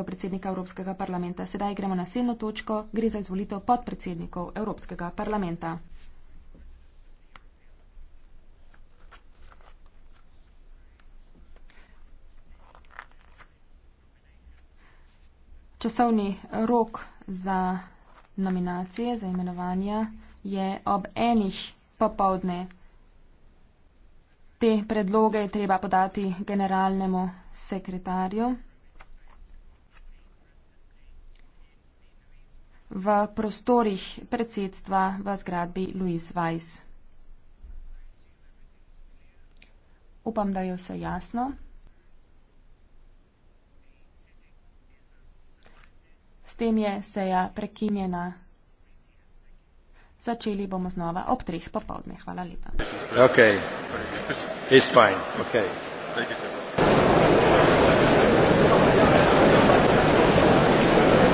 izvolitev predsednika Evropskega parlamenta. Sedaj gremo na sedmo točko, gre za izvolitev podpredsednikov Evropskega parlamenta. Časovni rok za nominacije, za imenovanja je ob enih popovdne. Te predloge je treba podati generalnemu sekretarju v prostorih predsedstva v zgradbi Louis Weiss. Upam, da je vse jasno. S tem je seja prekinjena. Začeli bomo znova ob treh popovdne. Hvala lepa. Okay.